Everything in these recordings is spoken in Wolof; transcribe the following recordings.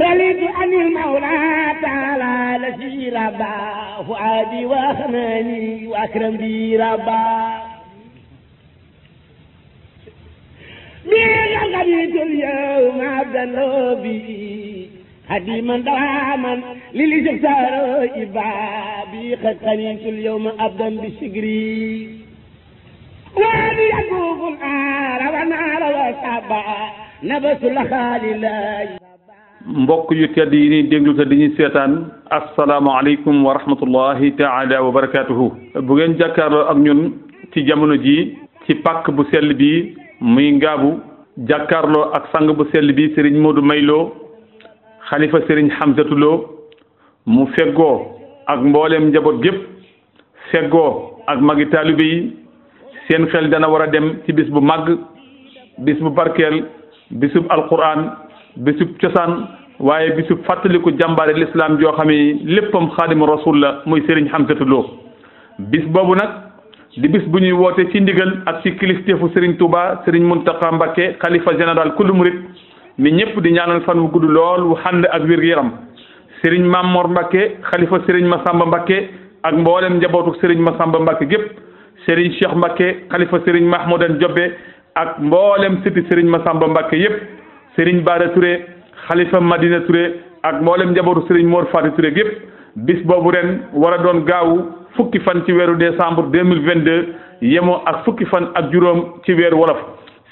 رليت أن المولى تعالى لشي ربا فؤادي وأخناني وأكرم بي ربا بيا غنيت اليوم عبد اللوبي خديما دواما للي شفتارو إبابي قد خنيت اليوم أبدا بشجري وأبي يقوف الآن ونار وسبا نبت لخالي الله mbokk yu tedd yi ni déglu te dañuy seetaan asalaamaaleykum wa rahmatullahi taala wa barakaatuhu bu ngeen jàkkaarloo ak ñun ci jamono jii ci pàkk bu sell bi muy ngaabu jàkkaarloo ak sang bu sell bi moo du Mayloo xalifa sëriñ Hamzatou Lo mu feggoo ak mbooleem njaboot gépp feggoo ak magi taalibe yi seen xel dana war a dem ci bis bu màgg bis bu barkeel bisub alquran bisub cosaan waaye bisub fàttaliku jàmbaari lislaam joo xam ne léppam xaadimu rasul la muy sëriñ Hamsatu Lo bis boobu nag di bis bu ñuy woote ci ndigal ak ci kilifteefu sëriñ Touba sëriñ Muntaxa Mbakke xalifa général kullu murit mi ñëpp di ñaanal fan wu gudd lool wu xànd ak wér yaram sëriñ Mamor Mbakke xalifa sëriñ Masamba Mbakke ak mboolem njabootu sëriñ Masamba Mbakke gépp sëriñ Cheikh Mbakke xalifa sëriñ Mahmoudan Jobbe ak mboolem sëti sëriñ Masamba Mbakke yépp Serigne Bara Touré xalifa Madina ak mboolem njabootu Serigne moo Fati Touré gépp bis boobu ren war doon gaawu fukki fan ci weeru décembre deux mille vingt deux yemoo ak fukki fan ak juróom ci weeru wolof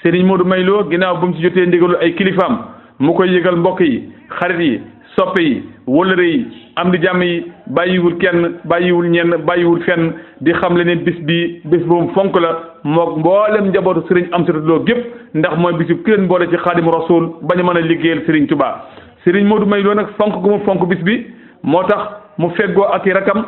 Serigne Modou Mayloo ginnaaw bu mu ci jotee ndigalu ay kilifaam mu koy yëgal mbokk yi xarit yi soppe yi wëllëre yi am di jàmm yi bàyyiwul kenn bàyyiwul ñenn bàyyiwul fenn di xam le ne bis bi bis boobu fonk la mook mboolem njabootu Serigne am Lo gépp ndax mooy bisub ki leen boole ci xaadim rasul bañ man a liggéeyal Serigne Touba Serigne Modou May Lo nag fonk gu mu fonk bis bi moo tax mu feggoo ak i rakam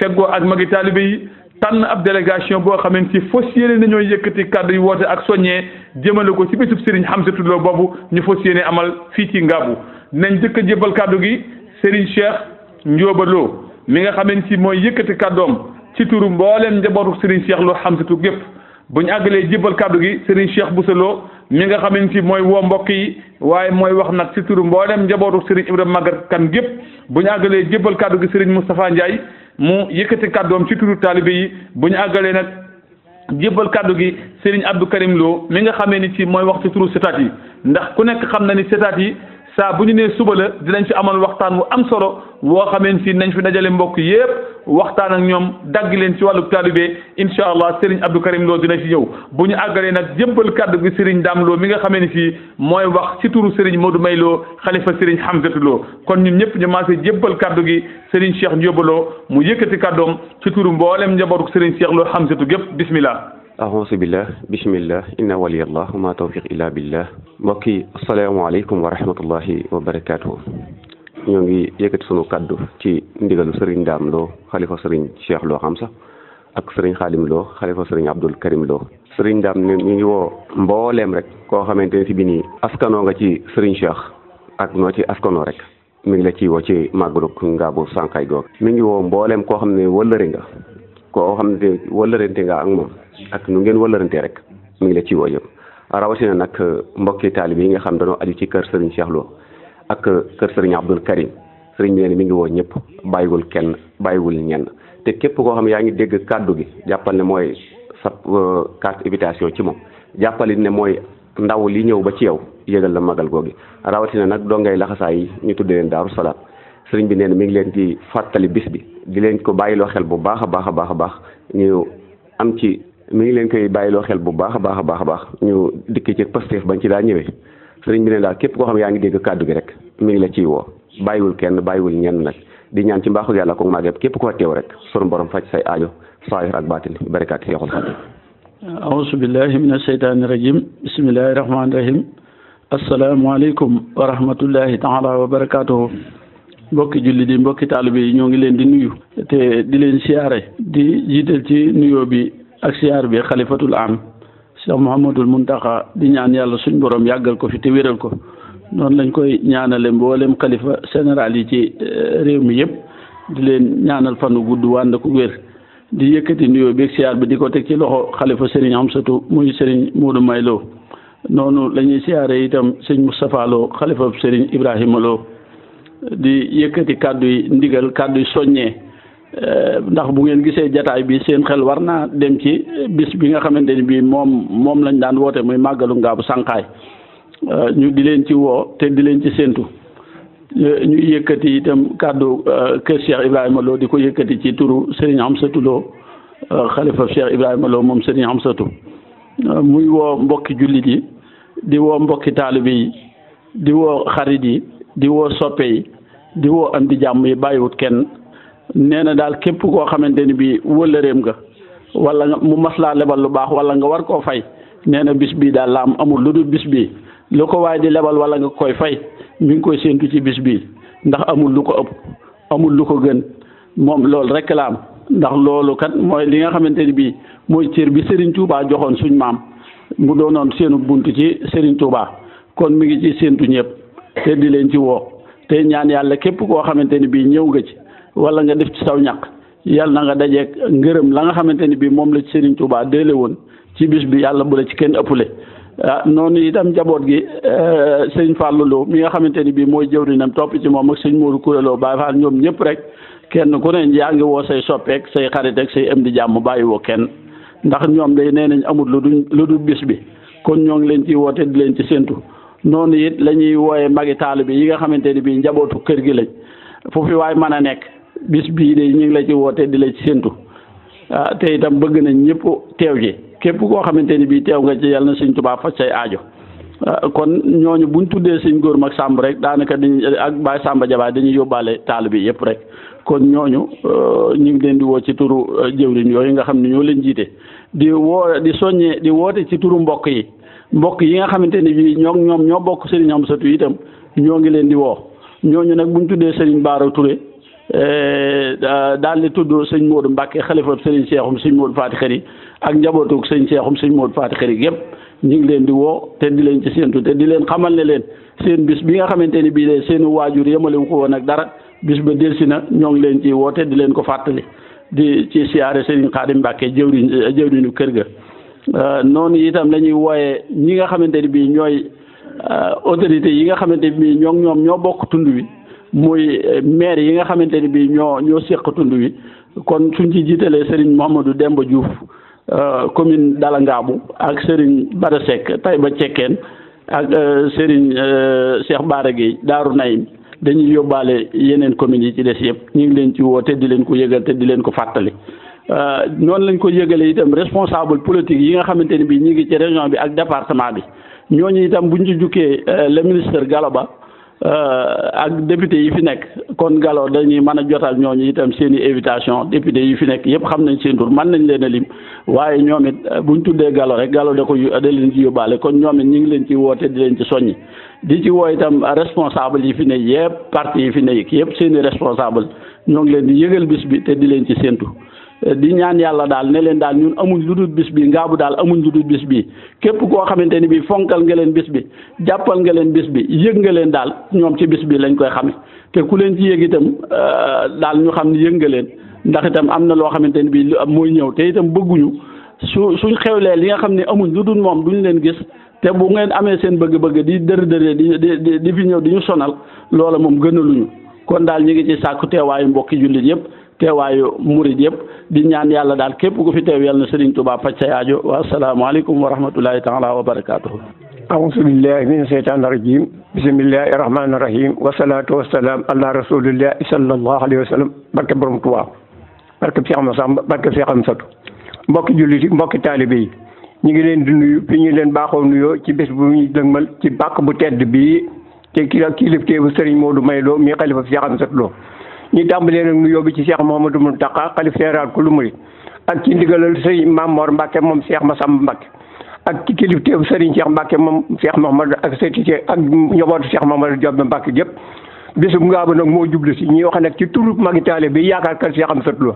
feggoo ak magi taalibe yi tànn ab délégation boo xamee ci fas yéene nañoo yëkkati kàddu yi woote ak soññee jëmale ko ci bisub Serigne Hamsatou Lo boobu ñu fas yéene amal fii ci Ngaabu dinañ jëkk a kàddu gi Serigne Cheikh Ndioba Lo mi nga xamee ci mooy yëkkati kàddoom ci turu mbooleem njabootu Serigne Cheikh Lo Hamsatou gépp bu ñu àggalee jébbal kàddu gi Serigne Cheikh Bousso Lo mi nga xamante ni mooy woo mbokk yi waaye mooy wax nag ci turu mboolem njabootu Serigne Ibrahima Maguette kan gépp bu ñu àggalee jébbal kàddu gi Serigne Moustapha Ndiaye mu yëkkati kàddoom ci turu taalibe yi bu ñu àggalee nag jébbal kàddu gi sëriñ Abdou Karim Lo mi nga xamee ni ci mooy wax ci turu setaat yi ndax ku nekk xam na ni setaat yi. saa bu ñu nee suba la dinañ fi amal waxtaan wu am solo woo xameen fii nañ fi dajale mbokk yépp waxtaan ak ñoom dagg leen ci wàllu taalibe incha allah Serigne Abdou Karim loo dina ci ñëw bu ñu àggalee nag jébbal kàddu gi Serigne Dame Lo mi nga xamee ni fii mooy wax ci turu moo du May Lo xalifa Serigne Hamzatu loo kon ñun ñëpp ñu maasee jébbal kàddu gi Serigne Cheikh Ndiobo Lo mu yëkkati kàddoom ci turu mboolem njabootu Serigne Cheikh Lo Hamzatu gépp bismillah ahonsu billah bisimillah inna waliyallah ma tawfiq illa billah mbokk yi asalaamaaleykum wa rahmatullahi wa barakaatu ñoo ngi yëkkati sunu kàddu ci ndigalu sëriñ Daam Lo xalifa sëriñ Cheikh loo xam sax ak sëriñ xaalim Lo xalifa sëriñ Abdul Karim Lo sëriñ Daam ne ngi woo mbooleem rek koo xamante ne si bi nii askanoo nga ci sëriñ Cheikh ak noo ci askanoo rek mu ngi la ci woo ci màggalug Ngabou Sankaye googu mi ngi woo mbooleem koo xam ne wëllëri nga koo xam ne wëlërante nga ak moom ak nu ngeen wëlërante rek mu ngi la ci woo yëpp rawatina nag euh, mbokki taalibe yi nga xam dañoo aju ci kër Serigne Cheikh Lo ak euh, kër Serigne Abdoul Karim Serigne bi nee mi ngi woo ñëpp bàyyiwul kenn bàyyiwul ñenn te képp koo xam yaa ngi dégg kàddu gi jàppal ne mooy sa euh, carte invitation ci moom jàppali ne mooy ndaw li ñëw ba ci yow yëgal la magal googi rawatina nag dongay laxasaa yi ñu tuddee leen Daaru Salaam sëriñ bi nee na mi ngi leen di fàttali bis bi di leen ko bàyyiloo xel bu baax a baax a baax a baax ñu am ci mi ngi leen koy bàyyiloo xel bu baax a baax a baax a baax ñu dikk ci Pastef bañ ci daa ñëwee sëriñ bi ne daal képp ko xam yaa ngi dégg kàddu gi rek mi ngi la ciy woo bàyyiwul kenn bàyyiwul ñenn nag di ñaan ci mbaaxu yàlla ko maa gépp ko koo teew rek sunu borom faj say aajo saahir ak baatin barakaati seexul xadim aousu billahi min asheytaani rajim bismillahi rahmaani rahim asalaamaaleykum wa rahmatullahi taala mbokki jullit yi mbokki taalibe yi ñoo ngi leen di nuyu te di leen siyaare di jiital ci nuyoo bi ak siyaar bi xalifatul am Cheikh Mouhamadul Muntaxa di ñaan yàlla suñ borom yàggal ko fi te wéral ko noonu lañ koy ñaanale mboolem xalifa général yi ci eh, réew mi yëpp di leen ñaanal fanu gudd wànd ko wér di yëkkati nuyoo bi ak siyaar bi di ko teg ci loxo xalifa Serigne Amsatu muy Serigne Modou May Lo noonu la ñuy siyaare itam sëñ Moustapha Lo xalifa Serigne Ibrahima Lo di yëkkati kàddu yi ndigal kàddu yi soññee eh, ndax bu ngeen gisee jataay bi seen xel war naa dem ci bis bi nga xamante ni bii moom moom lañ daan woote muy màggalu Ngaabu Sànqaay eh, ñu di leen ci woo te di leen ci séentu eh, ñu yëkkati itam kàddu kër Cheikh Ibrahima loo di ko yëkkati ci turu Serigne Amsatou Lo xalifa Cheikh Ibrahima Lo moom Serigne Amsatou muy woo mbokki jullit yi di woo mbokki taalibe yi di woo xarit yi di woo soppe yi di woo am di jàmm yi bàyyiwut kenn nee na daal képp koo xamante ni bii wëllëreem nga wala nga mu maslaa laa lebal lu baax wala nga war koo fay nee na bis bii daal la am amul lu dul bis bii lu ko waaye di lebal wala nga koy fay mi ngi koy séentu ci bis bii ndax amul lu ko ëpp amul lu ko gën moom loolu rek la am ndax loolu kat mooy li nga xamante ni bii mooy ciir bi Serigne tuubaa joxoon suñ maam mu doonoon seenu bunt ci Serigne Touba kon mi ngi ci séentu ñëpp. te di leen ci woo te ñaan yàlla képp koo xamante ni bii ñëw nga ci wala nga def ci saw ñàq yàlla na nga dajeek ngërëm la nga xamante ni bii moom la ci Serigne Touba déele woon ci bis bi yàlla bu la ci kenn ëppule ah noonu itam njaboot gi eh, sëñ Fallou Lo nga xamante ni bii mooy jëwriñam topp ci moom ak sëñ Modou Kouré Lo ñoom ñëpp rek kenn ku ne yaa ngi woo say soppeek say xarit ak say am di jàmm bàyyi woo kenn ndax ñoom day nee nañ amul lu dul lu du bis bi kon ñoo ngi leen ciy woote di leen ci séntu. noonu it la ñuy wooye magi bi yi nga xamante ni bii njabootu kër gi lañ foofu fi waay mën a nekk bis bii de ñu ngi la ci woote di la ci séntu ah, bëgg nañ ñëpp teew ji képp koo xamante ni bii teew nga ci yàlla na sëñ Tuubaa faj say aajo ah, kon ñooñu buñ tuddee sëñ góor mag sàmb rek daanaka dañ ak baay sàmba jabaay dañuy yóbbaale taalibe bi yëpp rek kon ñooñu ah, ñu ngi leen di woo ci turu jëwriñ yooyu nga xam ne ñoo leen jiite di woo di soññee di woote ci turu mbokk yi mbokk yi nga xamante ni bii ñoo ñoom ñoo bokk Serigne Amsatou itam ñoo ngi leen di woo ñooñu nag bu ñu tuddee Serigne Bara Touré eh, daal di tudd sëñ Modou Mbacke xalifa Serigne Cheikhoum sëñ Modou Faty Khary ak njabootug sëñ Cheikhoum sëñ Modou Faty Khary yëpp ñu ngi leen di woo te di leen ci séentu te di leen xamal ne leen seen bis bi nga xamante ni bii de seeni waajur yemalewu ko woon ak dara bis ba delsi na ñoo ngi leen ci woo te di leen ko fàttali di ci siyaare Serigne Khadim Mbacke jëwriñ jëwriñu kër ga. Euh, noonu itam la wooye ñi nga xamante ni bii ñooy euh, autorités yi nga xamante ni bii ñoo ñoom ñoo bokk tund wi muy euh, maire yi nga xamante ni bii ñoo ñoo séq tund wi kon suñ ci jiitalee Serigne Mouhamadou Demba Diouf commune Dala Ngaabu ak Serigne Bara Seck Taïba Cekkeen ak Serigne Cheikh Bara Gueye Daaru Naim dañuy yóbbaale yeneen communes yi ci des yëpp ñu ngi leen ci woo te di leen ko yëgal te di leen ko fàttali Euh, nyon len kou yegele item responsabol politik, yon yon khamen teni bi, nye geche rejon bi ak da part sama bi. Nyon yon item bunjou djouke le minister galoba, ak depite yifinek, kon galor denye manajotal, nyon yon item sene evitasyon, depite yifinek, yep khamnen sentur. Mannen len elim, waye nyon met bunjou de galor, ek galor dekou adelinti yobale, kon nyon men nying lenti wote, edilinti sonye. Diti woy etem responsabol yifinek, yep parti yifinek, yep sene responsabol, nyon lendi yegel bisbi, edilinti sentur. di ñaan yàlla daal ne leen daal ñun amuñ lu dul bis bi ngaabu daal amuñ lu dul bis bi képp koo xamante ni bii fonkal nga leen bis bi jàppal nga leen bis bi yëg nga leen daal ñoom ci bis bi lañ koy xame te ku leen ci yëg itam euh, daal ñu xam ne yëg nga leen ndax itam am na loo xamante ni bii mooy ñëw te itam bëgguñu su suñ xewlee li nga xam ne amuñ lu dul moom duñ leen gis te bu ngeen amee seen bëgg-bëgg di dër dëree di di di fi ñëw di ñu sonal loola moom gënaluñu kon daal ñu ngi ci sàkku teewaayu mbokki jullit yëpp teewaayu murid yeb di ñaan yalla dal kep ku fi teew yalla serigne touba Tuubaa facca wa assalamu alaikum wa rahmatullahi taala wa barakatuh a'udhu billahi minash الشيطان rajim bismillahir rahmanir rahim wa salatu والسلام على رسول الله صلى الله barke borom touba barke Seex Amsa barke cheikh Amsatu mbokki jullit yi talibi ñi ngi leen di nuyu fi ñu leen nuyo ci bes bu ñu ci bak bu tedd te bu serigne modou maylo mi Lo ñu tàmbalee nak nuyoo bi ci cheikh mohamadou muntaka khalif général ku lu murid ak ci ndigalal sëriñ mamor mbàkke mom cheikh massam mbàkke ak ci kilifteefu serigne cheikh mbàkke mom cheikh mohamad ak sëti ak njobootu cheikh mohamad jobbe mbàkke gépp bisub ngaaba nak mo jublu ci ñi wax nak ci turu magi taale bi yaakar kal cheikh am satlu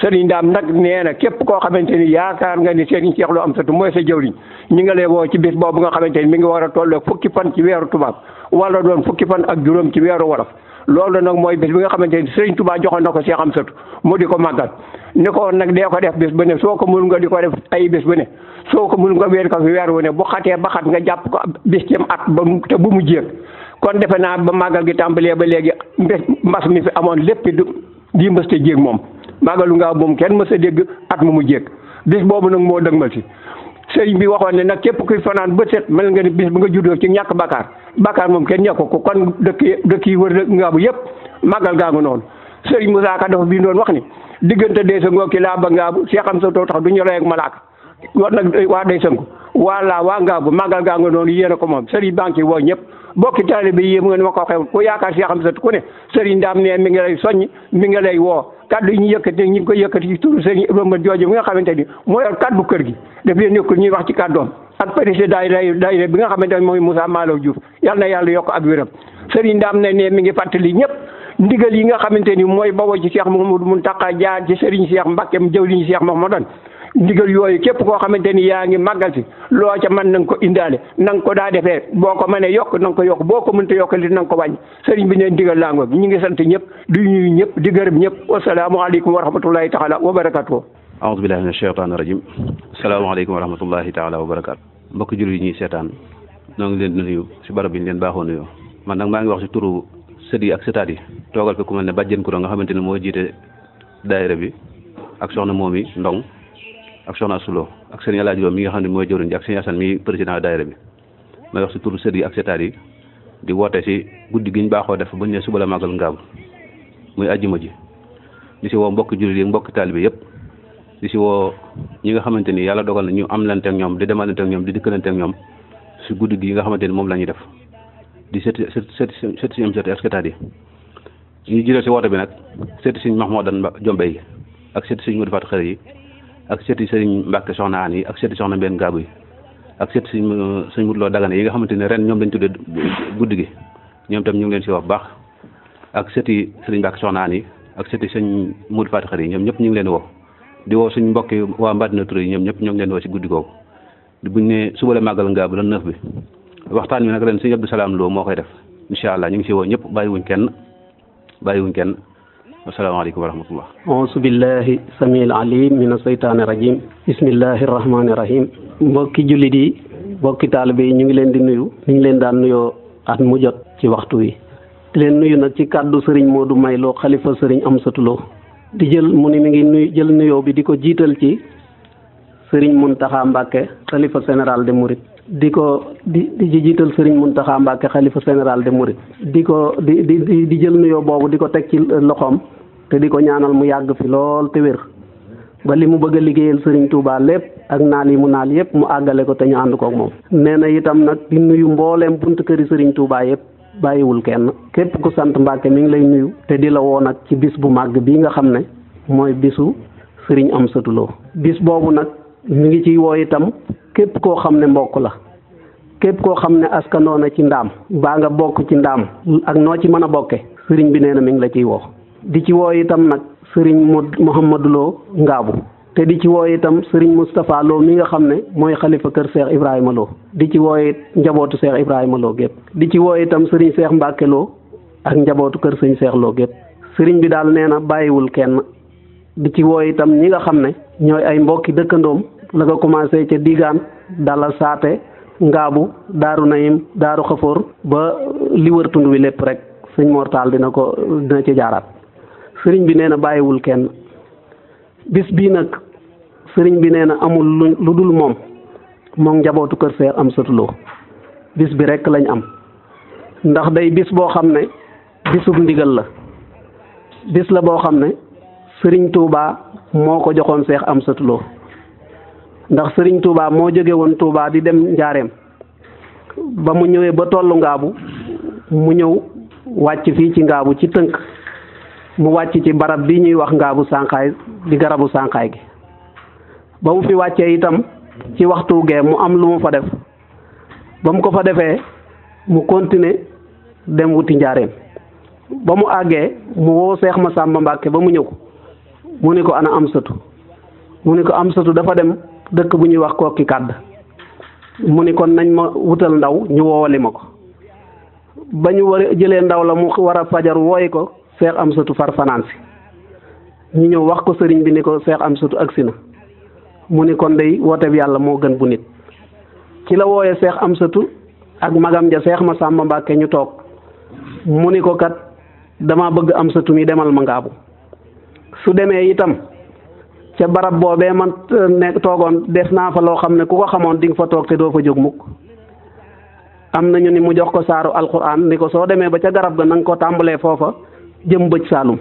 serigne ndam nak neena kep ko xamanteni yaakar nga ni serigne cheikh lu am satu moy sa jëwriñ ñi nga lay wo ci bis bobu nga xamanteni mi ngi wara a fukki fan ci wéru tubab wala doon fukki fan ak juroom ci wéru waraf loolu nag mooy bis bi nga xamante ni sëriñ Touba joxoon na ko Cheikh Amsatou mu di ko màggal ni ko nag dee ko def bis bu ne soo ko mën nga di ko def ay bis bu ne soo ko mën nga weer ko fi weer wu ne bu xatee ba xat nga jàpp ko bis at ba te bu mu jéeg kon defe naa ba màggal gi tàmbalee ba léegi mbas mi fi amoon lépp du di mës te jéeg moom màggalu nga moom kenn mës a dégg at mu mu jéeg bis boobu nag moo dëgmal si sëriñ bi waxoon ne nag képp kuy fanaan ba set mel nga ni bis bi nga juddoo ci ñàkk bakkaar bàkkaar moom kenn ñàkk ko kon dëkk yi dëkk yi wër ngaabu yëpp màggal gaa nga noonu Serigne Moussa Ka dafa bindoon wax ni diggante day sango ki laa ba ngaabu see xam sa too tax du ñu lay ak malaaka war nag waa day sango waa laa waa ngaabu màggal gaa nga noonu yéen ko moom Serigne banque yi woo ñëpp bokki taalibe yi yéen nga ni ma ne Serigne Ndam ne mi ngi lay soññ woo kaddu ñu yëkkati ko yëkkati ci turu Serigne Ibrahima Jooje mi nga xamante ni mooy yor kaddu kër gi daf leen nekkul ñuy wax ci kaddoom ak président daayira daayira bi nga xamante ne mooy Moussa Malaw Diouf yal na yàlla yokk ak wéram sëriñ daam ne ne mi ngi fàttali ñëpp ndigal yi nga xamante ni mooy bawoo ci Cheikh Mouhamadou Mountakha jaar ci sëriñ Cheikh Mbacke mu jëwriñ Cheikh Mouhamadou ndigal yooyu képp koo xamante ni yaa ngi màggal si loo ca mën na nga ko indaale na nga ko daa defee boo ko mënee yokk na nga ko yokk boo ko mënta yokk li na nga ko wàññi sëriñ bi ne ndigal laa ngoog ñu ngi sant ñëpp di ñuy ñëpp di gërëm ñëpp wasalaamu aleykum wa rahmatullahi taala wa barakatuh aoudu billahi min asheytaan rajim alaykum wa rahmatullahi taala wa barakatuh. Mbok julli ni setan. Nang noo ngi leen nuyu ci barab yi len baxo nuyu. man nak ma ngi wax si turu sedi ak setadi. Togal toogal fi ku melne badjen ko nga xamanteni mo jité jiite daayira bi ak soxna momi ndong ak soxna sulo ak seigne Alaaji mi nga xamni ne mooy jëwriñ ak mi president daayira bi Ma wax si turu sedi ak setadi di wote si guddi giñ baxo def bu ne suba la màggal ngaam muy aljuma ji di ci wo mbok julli mbok talibi taalibe di si woo ñi nga xamante ni yàlla dogal na ñu am lante ak ñoom di demalante ak ñoom di dikkalante ak ñoom si guddi gi nga xamante ni moom la ñuy def di seeti seeti seeti suñu am seeti asketat yi ñu jëlee si woote bi nag seeti suñ Mahmoudan Jombe yi ak seeti suñ Modou Fatou yi ak seeti sëriñ Mbàkke Soxna Aan yi ak seeti soxna Mbeen Gaabu yi ak seeti suñ suñ Modou Lo Dagana yi nga xamante ni ren ñoom lañ tuddee guddi gi ñoom tam ñu ngi leen si wax baax ak seeti sëriñ Mbàkke Soxna Aan yi ak seeti sëñ Modou Fatou Xare yi ñoom ñëpp ñu ngi leen woo di wo suñ mbokk wa waa mbàddina turé yi ñoom ñëpp ñoo leen woo ci guddi di buñ ne suba la magal nga bu la neuf bi waxtaan ñu nak leen suñu abdou salam lo mo koy def inshallah allah ñu ngi ci woo ñëpp bàyyiwuñ kenn bàyyiwuñ kenn asalaamaaleykum wa rahmatullah ausu billahi samiil alim min aseytaani rajim bismillahi rahmaani rahim mbokki jullit yi mbokki taalibe yi ñu ngi leen di nuyu ni ñu leen daan nuyoo at mu jot ci waxtu wi di leen nuyu nag ci kàddu sëriñ Modou May loo xalifa sëriñ Amsatou Lo di jël mu ni mi ngi nuyu jël nuyoo bi di ko jiital ci sëriñ Muntaxa Mbàkke xalifa général de Mouride di ko di di jiital sëriñ Muntaxa Mbàkke xalifa général de Mouride di ko di di di jël nuyoo boobu di ko teg ci loxoom te di ko ñaanal mu yàgg fi lool te wér ba li mu bëgg a liggéeyal sëriñ Touba lépp ak naal yi mu naal yëpp mu àggale ko te ñu ànd kook moom nee na itam nag di nuyu mbooleem buntu këri sëriñ Touba yëpp bàyyiwul kenn képp ku sant Mbàkke mi ngi lay nuyu te di la woo nag ci bis bu màgg bii nga xam ne mooy bisu sëriñ am Lo bis boobu nag mu ngi ciy woo itam képp koo xam ne mbokk la képp koo xam ne askanoo na ci ndaam baa nga bokk ci ndaam ak noo ci mën a bokke sëriñ bi nee na mi ngi la ciy woo di ci woo itam nag sëriñ Mouhamadou Lo Ngaabu te di ci woo itam Serigne Moustapha Lo mi nga xam ne mooy xalifa kër Cheikh Ibrahima Lo di ci wooy it njabootu Cheikh Ibrahima gépp di ci woo itam Serigne Cheikh Mbacke Lo ak njabootu kër sëñ Cheikh Lo gépp Serigne bi daal nee na bàyyiwul kenn di ci wooy itam ñi nga xam ne ñooy ay mbokki dëkkandoom la ko commencé ca Digaan Dala Saate Ngaabu Daaru Nayim Daaru Xafoor ba li tund wi lépp rek sëñ Mortaal dina ko dina ci jaaraat Serigne bi nee na bàyyiwul kenn bis sëriñ bi nee na amul lu dul moom moom njabootu kër seer am satuloo bis bi rekk lañ am ndax day bis boo xam ne bisub ndigal la bis la boo xam ne sëriñ tuubaa moo ko joxoon seex am sëtuloo ndax sëriñ tuubaa moo jóge woon Touba di dem njaareem ba mu ñëwee ba tollu ngaabu mu ñëw wàcc fii ci ngaabu ci tënk mu wàcc ci barab bi ñuy wax ngaabu sànqaay di garabu sànqaay gi ba mu fi wàccee itam ci waxtu mu am lu mu fa def ba mu ko fa defee mu continuer dem wuti njaareem ba mu àggee mu woo Seex ma Masàmba Mbàkke ba mu ñëw mu ni ko ana am sëtu mu ni ko am sëtu dafa dem dëkk bu ñuy wax kokki kàdd mu ni kon nañ ma wutal ndaw ñu woowali ma ko ba ñu war jëlee ndaw la mu war a fajar wooyi ko Seex am sëtu far ñu ñëw wax ko sëriñ bi ni ko Seex am sëtu agsi na mu ne kon day bi yalla mo gën bu nit ci la woyé cheikh am ak magam ja cheikh ma samba mbake ñu tok mu ni ko kat dama bëgg am mi demal ma ngaabu su démé itam ci barab bobé man euh, nek togon def na fa lo xamné ku ko xamone ding fa tok té do fa jog muk am ñu ni mu jox ko saaru alquran ni ko so démé ba ca garab ga nang ko tambalé fofa jëm bëc salum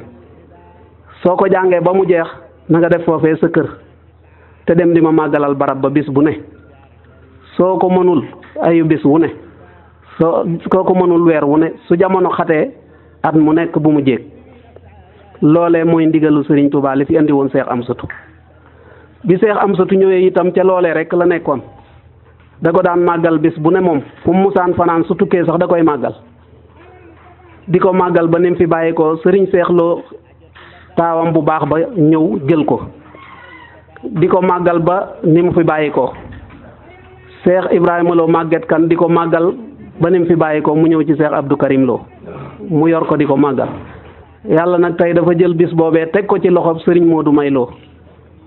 soko ko ba mu jeex na nga def fofé sa kër te dem di ma màggalal barab ba bis bu ne soo ko mënul ayu bis wu ne soo soo ko mënul weer wu ne su jamono xate at mu nekk bu mu jéeg loolee mooy ndigalu Serigne Touba li fi andi woon am Amsatu bi Seex am satu ñëwee itam ca loolee rek la nekkoon da ko daan màggal bis bu ne moom fu mu musaan fanaan su tukkee sax da koy màggal di ko màggal ba ni mu fi bàyyi ko Serigne Seex Lo taawam bu baax ba ñëw jël ko di ko màggal ba ni mu fi bàyyi ko Cheikh Ibrahima Lo màgget kan di ko màggal ba ni mu fi bàyyi ko mu ñëw ci seex Abdou Karim mu yor ko di ko màggal yàlla nag tey dafa jël bis boobee teg ko ci loxob sëriñ Modou May Lo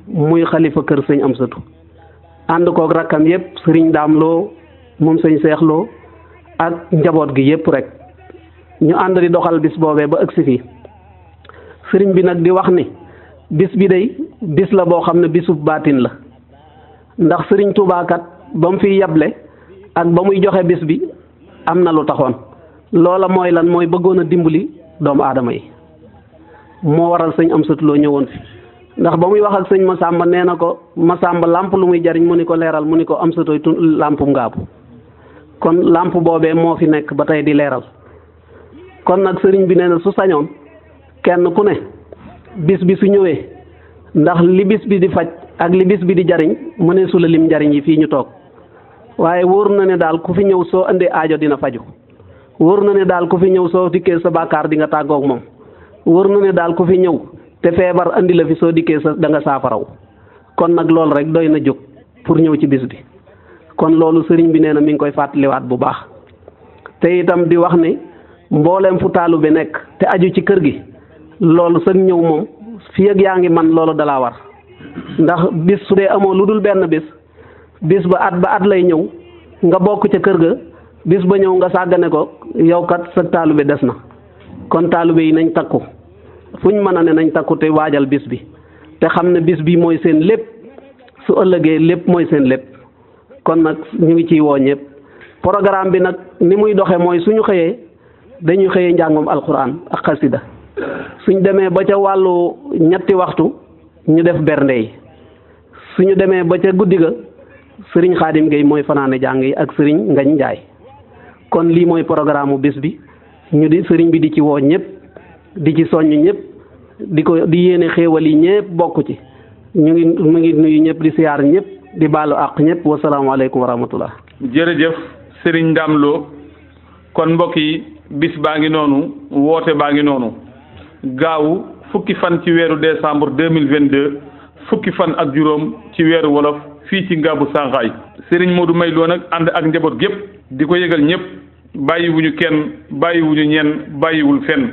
muy xalifa kër sëñ Amsatu ànd kook rakkam yépp sëriñ Daam loo moom sëñ Cheikh ak njaboot gi yépp rek ñu ànd di doxal bis boobee ba ëgsi fii sëriñ bi nag di wax ni bis bi day bis la boo xam ne bisub baatin la ndax sëriñ Tuubaa ba mu fi yable ak ba muy joxe bis bi am na lu taxoon loola mooy lan mooy bëggoon a dimbali doomu aadama yi moo waral sëñ am satuloo ñëwoon fi ndax ba muy wax ak sëñ Masamba nee na ko Masamba làmp lu muy jariñ mu ni ko leeral mu ni ko am satooy tu làmpum ngaabu kon làmp boobee moo fi nekk ba tey di leeral kon nag sëriñ bi nee na su sañoon kenn ku ne bis bi su ñëwee ndax li bis bi di faj ak li bis bi di jariñ mu ne su la lim njariñ yi fii ñu toog waaye wóor na ne daal ku fi ñëw soo indee aajo dina faju wóor na ne daal ku fi ñëw soo dikkee sa bàkkaar di nga tàggoog moom wóor na ne daal ku fi ñëw te feebar andi la fi soo dikkee sa da nga saafaraw kon nag loolu rek doy na jóg pour ñëw ci bis bi kon loolu sëriñ bi nee na mi koy koy fàttaliwaat bu baax te itam di wax ne mboolem fu taalu bi nekk te aju ci kër gi loolu sag ñëw moom fii ak yaa ngi man loolu dalaa war ndax bis su dee amoo lu dul benn bis bis ba at ba at lay ñëw nga bokk ca kër ga bis ba ñëw nga sàggane ko yow kat sa taalibe des na kon taalibe yi nañ takku fuñ mën a ne nañ takku te waajal bis bi te xam ne bis bi mooy seen lépp su ëllëgee lépp mooy seen lépp kon nag ñu ngi ciy woo ñëpp programme bi nag ni muy doxe mooy su ñu xëyee dañuy xëyee njàngum alxuraan ak xasida suñ demee ba ca wàllu ñetti waxtu ñu def bernde yi suñu demee ba ca guddi ga sëriñ xaadim Gueye mooy fanaane jàng yi ak sëriñ Ngañ Njaay kon lii mooy programme bis bi ñu di sëriñ bi di ci woo ñëpp di ci soññ ñëpp di ko di yéene xéewal yi ñëpp bokk ci ñu ngi mu ngi nuyu ñëpp di siyaar ñëpp di baalu àq ñëpp wasalaamaaleykum wa rahmatullah jërëjëf sëriñ Ndam Lo kon mbokk yi bis baa ngi noonu woote baa ngi noonu gaawu fukki fan ci weeru décembre deux mille vingt deux fukki fan ak juróom ci weeru wolof fii ci Ngabou Sangaye Serigne Modou May Lo nag ànd ak njaboot gépp di ko yëgal ñëpp bàyyiwuñu kenn bàyyiwuñu ñenn bàyyiwul fenn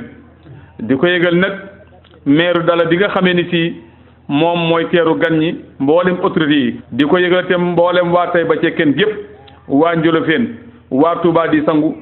di ko yëgal nag maire dala bi nga xamee ni si moom mooy teeru gan ñi mboolem autorité yi. di ko yëgal itam mboolem waa Taïba Cekkeen gépp waa Njolofeen waa tubaa di sangu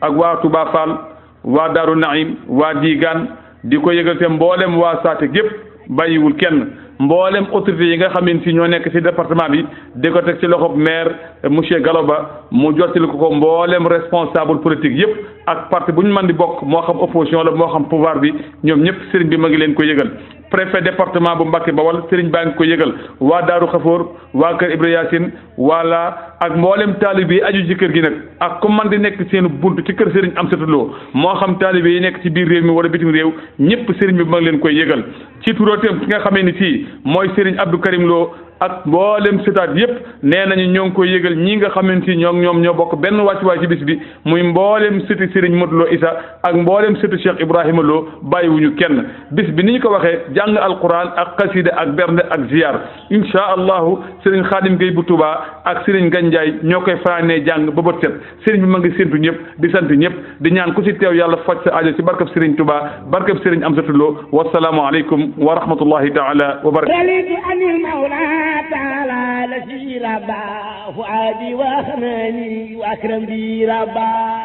ak waa Touba Fall waa Daaru Naim waa Diigaan. di ko yëgal te mboolem waa Saate gépp bàyyiwul kenn mboolem autorités yi nga xamin si ñoo nekk si département bi di ko teg ci loxo loxob maire monsieur ba mu jottali ko ko mboolem responsable politique yëpp ak parti bu ñu mën di bokk moo xam opposition la moo xam pouvoir bi ñoom ñëpp sëriñ bi ma ngi leen ko yëgal préfet département bu Mbàkke Bawal sëriñ baa ngi ko yëgal waa Daaru Xafoor waa kër Ibra Yaasin wala ak mboolem taalib aju ci kër gi nag ak ku man di nekk seen bunt ci kër sëriñ Amsatu Lo moo xam taalib yi nekk ci biir réew mi wala bitim réew ñëpp sëriñ bi ma ngi leen koy yëgal ci turóoteem ki nga xamee ni fii mooy sëriñ Abdou Karim Lo ak mboolem sitat yep nenañu ñong koy yëgal ñi nga xamanteni ni ñom ño bok ben waccu waccu bis bi muy mboolem siti Serigne modlo Isa ak mboolem siti Cheikh Ibrahima Lo bayiwuñu kenn bis bi niñ ko waxe jàng alquran ak qasida ak bernde ak ziar insha allah Serigne Khadim Gueye bu Touba ak Serigne ganjay ñoo koy fanaanee jàng ba bët set Serigne bi ma ngi séntu ñep di sant ñep di ñaan ku ci tew yàlla faj sa ci barkab Serigne Touba barkab Serigne amsatullo wassalamu alaykum wa rahmatullahi taala wa barakatu تعالى لشي ربا فؤادي وأخناني وأكرم بي ربا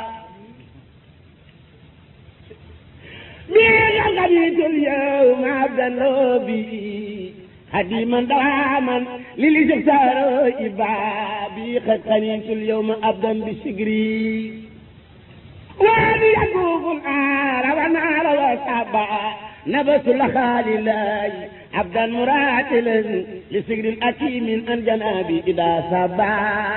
بيك غنيت اليوم عبدا لوبي هديما دواما للي جبت إبابي قد غنيت اليوم عبدا بشكري وان يقوم الآل ونال وصبا نبس لخال الله عبدا مراتلا لسجن الأكيم أن جنابي إذا صبا